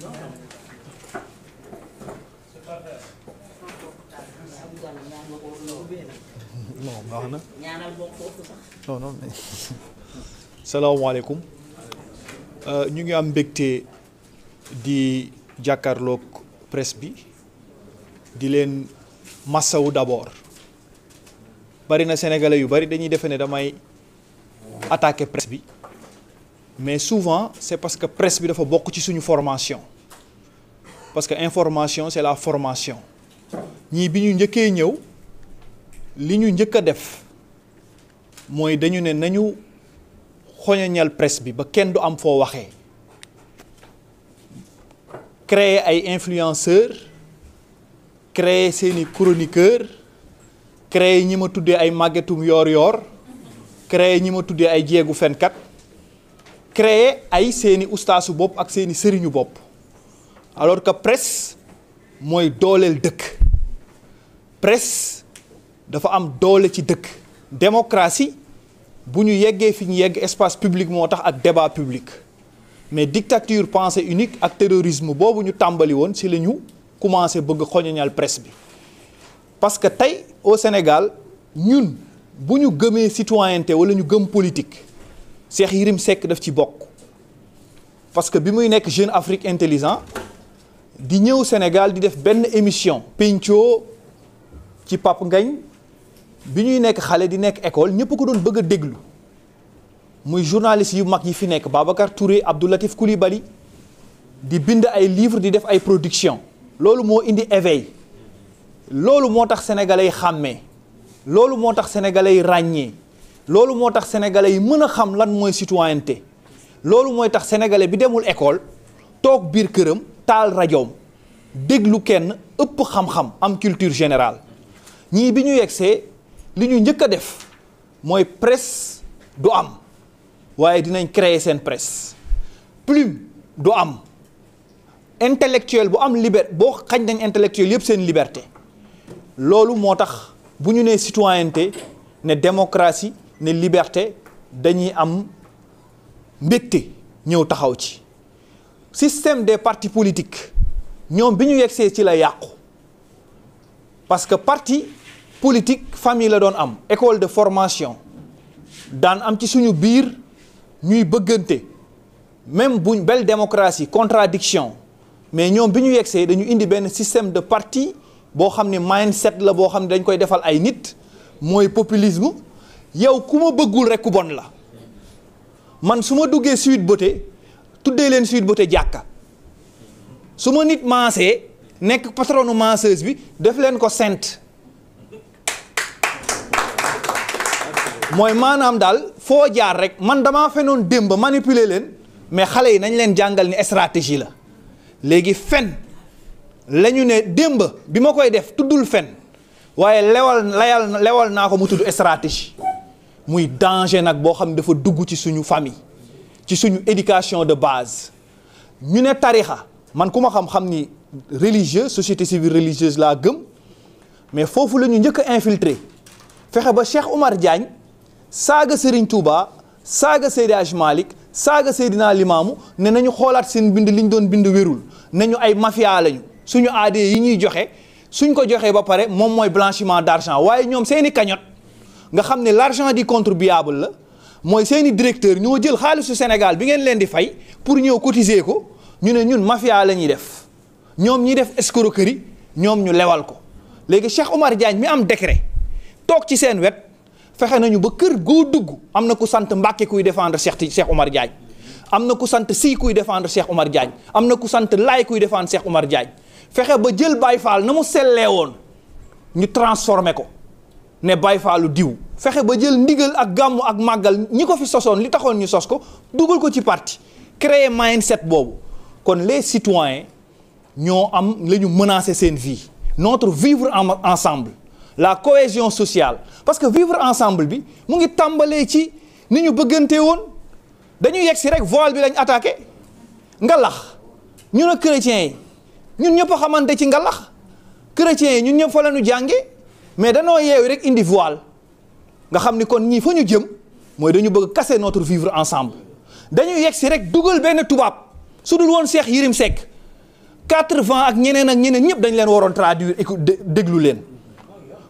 Non, baax euh, ñu ngi am mbégte di jàkkarlook presse bi di leen massawu d'abord bari na sénégalais yu bari dañuy defe ne damay attaquer presse bi. mais souvent c'est parce que presse bi dafa bokk ci suñu formation parce que information c'est la formation ñii bi ñu njëkkee ñëw li ñu njëkk a def mooy dañu ne nañu xoñoñal presse bi ba kenn du am foo waxee créer ay influenceurs créer seeni chroniqueurs créer ñi ma tuddee ay màggetum yoor-yoor créer ñi ma tuddee ay jéegu fenkat créer ay seeni ustaasu bopp ak seeni sëriñu bopp alors que presse mooy dooleel dëkk presse dafa am doole ci dëkk démocratie bu ñu yeggee fi ñu yegg espace public moo tax ak débat public mais dictature pensée unique ak terrorisme boobu ñu tàmbali woon ci lañu ñu commencé bëgg xoñoñal presse bi parce que tey au Sénégal ñun bu ñu gëmee citoyenneté wala ñu gëm politique Cheikh Yérim Seck def ci bokk parce que bi muy nekk Jeune Afrique Intelligent di ñëw Sénégal di def benn émission penco ci Pape ngañ bi ñuy nekk xale di nekk école ñëpp ko doon bëgg a déglu muy journaliste yu mag yi fi nekk Babacar Touré Abdou Latif Coulibaly di bind ay livre di def ay production loolu moo indi éveil loolu moo tax sénégalais yi xàmmee loolu moo tax sénégalais yi ràññee loolu moo tax sénégalais yi mën a xam lan mooy citoyenneté loolu mooy tax sénégalais bi demul école toog biir këram taal rajoom déglu kenn ëpp xam-xam am culture général ñii bi ñu yegsee li ñu njëkk a def mooy presse du am waaye dinañ créer seen presse plume du am intellectuel bu am liberté boo xañ nañ intellectuel yëpp seen liberté loolu moo tax bu ñu nee citoyenneté ne démocratie ne liberté dañuy am mbégte ñëw taxaw ci système des partis politique ñoom bi ñu yegsee ci la yàqu parce que parti politique famille la doon am école de formation daan am ci suñu biir ñuy bëggante même buñ belle démocratie contradiction mais ñoom bi ñu yegsee dañu indi benn système de parti boo xam ne mindset la boo xam ne dañ koy defal ay nit mooy populisme yow ku ma bëggul rek ku bon la man su ma duggee Sweet Beauté tuddee leen Sweet Beauté jàkka su ma nit maasee nekk patronu masseuse bi def leen ko sainte mooy maanaam daal foo jaar rek man damaa fenoon démb ba manipuler leen mais xale yi nañ leen jàngal ni stratégie la léegi fen la ñu ne démb bi ma koy def tuddul fen waaye lewal layal lewal naa ko mu tudd stratégie muy danger nag boo xam ne dafa dugg ci suñu famille ci suñu éducation de base ñu ne tarixa man ku ma xam-xam ni religieux société civile religieuse laa gëm mais foofu la ñu njëkk a infiltré fexe ba Cheikh Oumar Diagne saaga Serigne Touba saaga Seydi Hadj Malick saaga Seydina Limaamu ne nañu xoolaat seen bind li doon bind wérul nañu ay mafia lañu suñu aade yi ñuy joxe suñ ko joxee ba pare moom mooy blanchiment d'argent waaye ñoom seeni cagnotte nga xam ne l'argent di contribuable la mooy seeni directeur ñoo jël xaalisu Sénégal bi ngeen leen di fay pour ñëw cotiser ko ñu ne ñun mafia la ñuy def ñoom ñuy def escroquerie ñoom ñu lewal ko léegi Cheikh Omar Diagne mi am décret toog ci seen wet fexe nañu ba kër goo dugg am na ku sant Mbàkke kuy défendre Cheikh Cheikh Omar Diagne am na ku sant Si kuy défendre Cheikh Omar Diagne am na ku sant Laay kuy défendre Cheikh Omar Diagne fexe ba jël Baye Fall na mu sellee woon ñu transformé ko ne Baye Fallou diw fexe ba jël ndigal ak gàmmu ak màggal ñi ko fi sosoon li taxoon ñu sos ko dugal ko ci parti créer mindset boobu kon les citoyens ñoo am lañu ñu menacer seen vie notre vivre en ensemble la cohésion sociale parce que vivre ensemble bi mu ngi tàmbalee ci ni ñu bëggante woon dañu yegg si rek voile bi lañ attaqué ngalax ñu ne chrétiens yi ñun ñëpp xamante ci ngalax chrétiens yi ñun ñëpp fa la ñu jàngee. mais danoo yeewi rek indi voile nga xam ni kon ñii fa ñu jëm mooy dañu bëgg casser notre vivre ensemble dañu yegg si rek dugal benn tubaab su dul woon Cheikh Yérim Seck quatre-vingt ak ñeneen ak ñeneen ñëpp dañu leen waroon traduire écoute déglu leen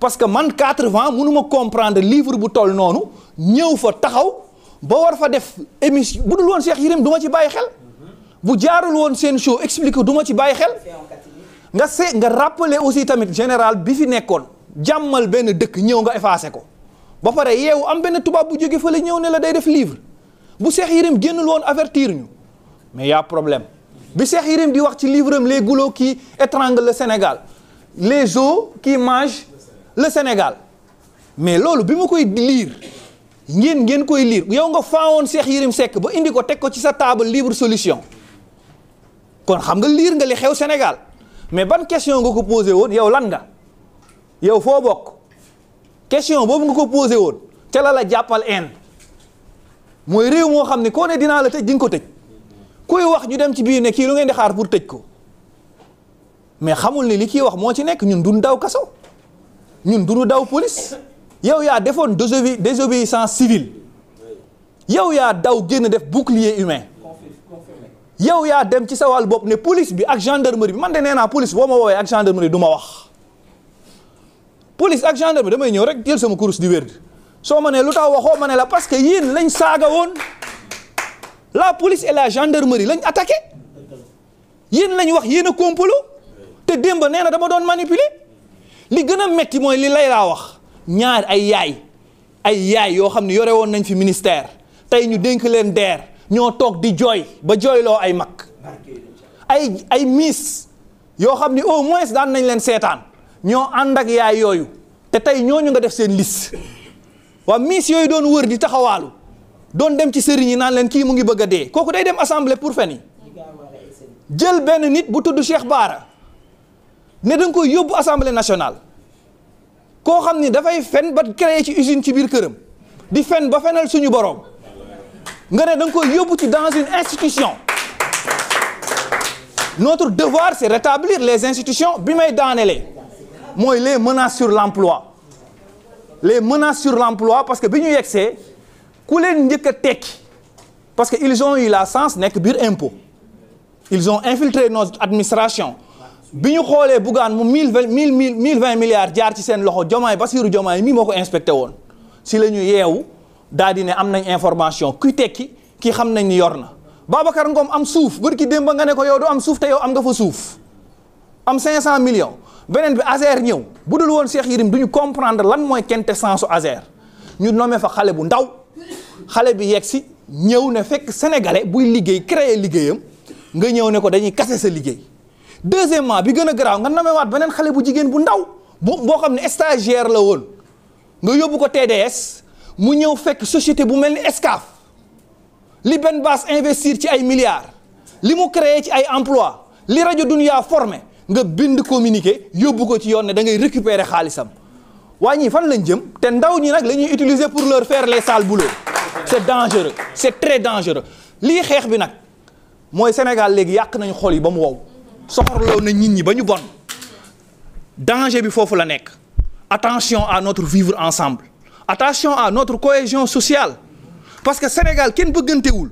parce que man quatre-vingt mënuma comprendre livre bu toll noonu ñëw fa taxaw ba war fa def émission bu dul woon Cheikh Yérim du ma ci bàyyi xel bu jaarul woon seen show explique duma ci bàyyi xel nga se nga rappeler aussi tamit général bi fi nekkoon jàmmal benn dëkk ñëw nga effacé ko ba pare yeewu am benn tubaab bu jóge fële ñëw ne la day def livre bu seex Yérim génnul woon avertir ñu mais y problème bi Cheikh Yérim di wax ci livre am les guloo kii étranglent le Sénégal les kii qui mangent le Sénégal mais loolu bi mu koy liir ngeen ngeen koy liir yow nga faawoon seex Yérim sekk ba indi ko teg ko ci sa table libre solution kon xam nga liir nga li xew Sénégal mais ban question nga ko posé woon yow lan nga. yow foo bokk question boobu nga ko posé woon ca la la jàppal en mooy réew moo xam ne koo ne dinaa la tëj di nga ko tëj kuy wax ñu dem ci biir ne kii lu ngeen di xaar pour tëj ko mais xamul ni li kii wax moo ci nekk ñun duñ daw kaso ñun duñu daw police yow yaa defoon désobéissance civile yow yaa daw génn def bouclier humain yow yaa dem ci sa wàll bopp ne police bi ak gendarmerie bi man de nee naa police boo ma woowee ak gendarmerie du ma wax police ak gendarme damay ñëw rek jël sama course di wér soo ma ne lu tax waxoo ma ne la parce que yéen lañ saaga woon la police et la gendarmerie lañ attaqué yéen lañ wax yéen a complot te démb nee na dama doon manipuler li gën a metti mooy li lay laa wax ñaar ay yaay ay yaay yoo xam ne yore woon nañ fi ministère tey ñu dénk leen deer ñoo toog di jooy ba jooyloo ay mag ay ay miis yoo xam ni au moins daan nañ leen seetaan ñoo ànd ak yaay yooyu te tey ñooñu nga def seen liste waa miss yooyu doon wër di taxawaalu doon dem ci sëriñ yi naan leen kii mu ngi bëgg a dee kooku day dem assemblée pour fen yi jël benn nit bu tudd Cheikh Baara ne da nga koy yóbbu assemblée nationale koo xam ni dafay fen ba créer ci usine ci biir këram di fen ba fenal suñu boroom nga ne da nga koy yóbbu ci dans une institution notre devoir c'est rétablir les institutions bi may daanelee mooy les menaces sur l'emploi les menaces sur l'emploi parce que bi ñu see ku leen njëkk a tekki parce que ils ont eu la chance nekk biir impôt ils ont infiltré notre administration bi ñu xoolee Bougane mu mille vingt mille mille vingt milliards jaar ci seen loxo Diomaye Bassirou Diomaye mii moo ko inspecté woon si la ñu yeewu daal di ne am nañ information kuy tekki ki xam nañ ni yor na Babacar ngoom am suuf bër ki démb nga ne ko yow du am suuf te yow am nga fa suuf am cinq cent millions beneen bi Azer ñëw bu dul woon Cheikh Yérim du ñu comprendre lan mooy quintessence Azer ñu nommé fa xale bu ndaw xale bi yegg si ñëw ne fekk sénégalais buy liggéey créer liggéeyam nga ñëw ne ko dañuy kase sa liggéey deuxièmement bi gën a garaaw nga nommé waat beneen xale bu jigéen bu ndaw bu boo xam ne stagiaire la woon nga yóbbu ko TDS mu ñëw fekk société bu mel ni Escaf li benn baas investir ci ay milliards li mu créer ci ay emploi li rajo Dunia formé nga bind communiqué yóbbu ko ci yoon ne da ngay récupérer xaalisam waa ñii fan lañ jëm te ndaw ñi nag la ñuy utiliser pour leur faire les sales boulots c'est dangereux c'est très dangereux lii xeex bi nag mooy Sénégal léegi yàq nañu xol yi ba mu wow soxorloo na nit ñi ba ñu bon danger bi foofu la nekk attention à notre vivre ensemble attention à notre cohésion sociale parce que Sénégal kenn bëggantewul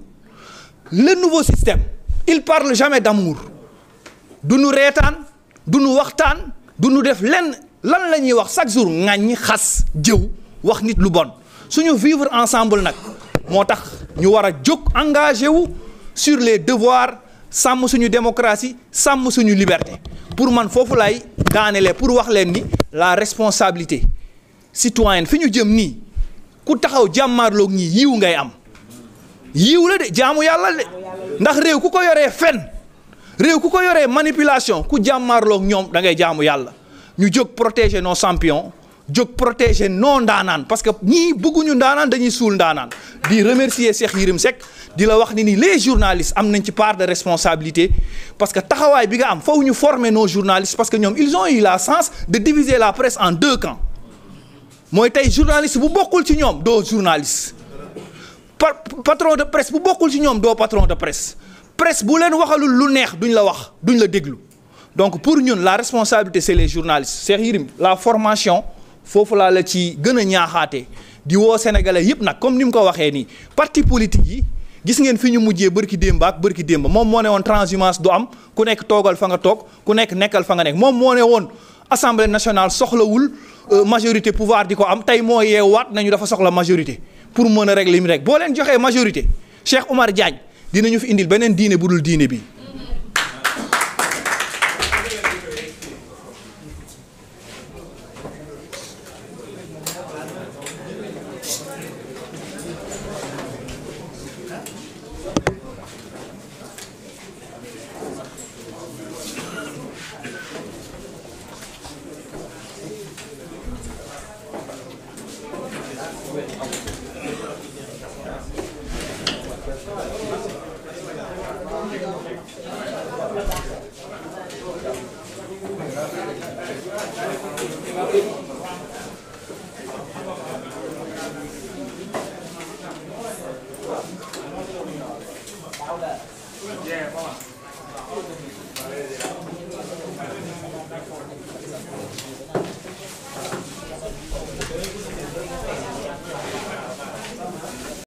le nouveau système il parle jamais d'amour du nu du nu waxtaan du nu def lenn lan la ñuy wax chaque jour ŋàññ xas jëw wax nit lu bon suñu vivre ensemble nag moo tax ñu war a jóg engagé wu sur les devoirs sàmm suñu démocratie sàmm suñu liberté pour man foofu lay daanelee pour wax leen ni la responsabilité citoyenne fi ñu jëm nii ku taxaw jàmmaarloog ñi yiw ngay am yiw la de jaamu yàlla de ndax réew ku ko yoree fen réew ku ko yoree manipulation ku jàmmarlook ñoom da ngay jaamu yàlla ñu jóg protéger nos champions jóg protéger nos ndaanaan parce que ñii bëgguñu ndaanaan dañuy suul ndaanaan di remercier Cheikh Yirim Seck di la wax ni ni les journalistes am nañ ci part de responsabilité parce que taxawaay bi nga am faw ñu former nos journalistes parce que ñoom ils ont eu la chance de diviser la presse en deux camps mooy tey journaliste bu bokkul ci ñoom doo journaliste patron de presse bu bokkul ci ñoom doo patron de presse bu leen waxalul lu neex duñu la wax duñ la déglu donc pour ñun la responsabilité c'est les journalistes Cheikh Yérim la formation foofu laa la ci gën a ñaaxaate di woo sénégalais yëpp nag comme ni mu ko waxee nii parti politique yi gis ngeen fi ñu mujjee bërki démb ak bërki démb moom moo ne woon transhumance du am ku nekk toogal fa nga toog ku nekk nekkal fa nga nekk moom moo ne woon assemblée nationale soxlawul euh, majorité pouvoir di ko am tey moo yeewaat nañu dafa soxla majorité pour mën a régler mi rek boo leen joxee majorité Cheikh Oumar Diagne dinañu fi indil beneen diine bu dul diine bi Thank you.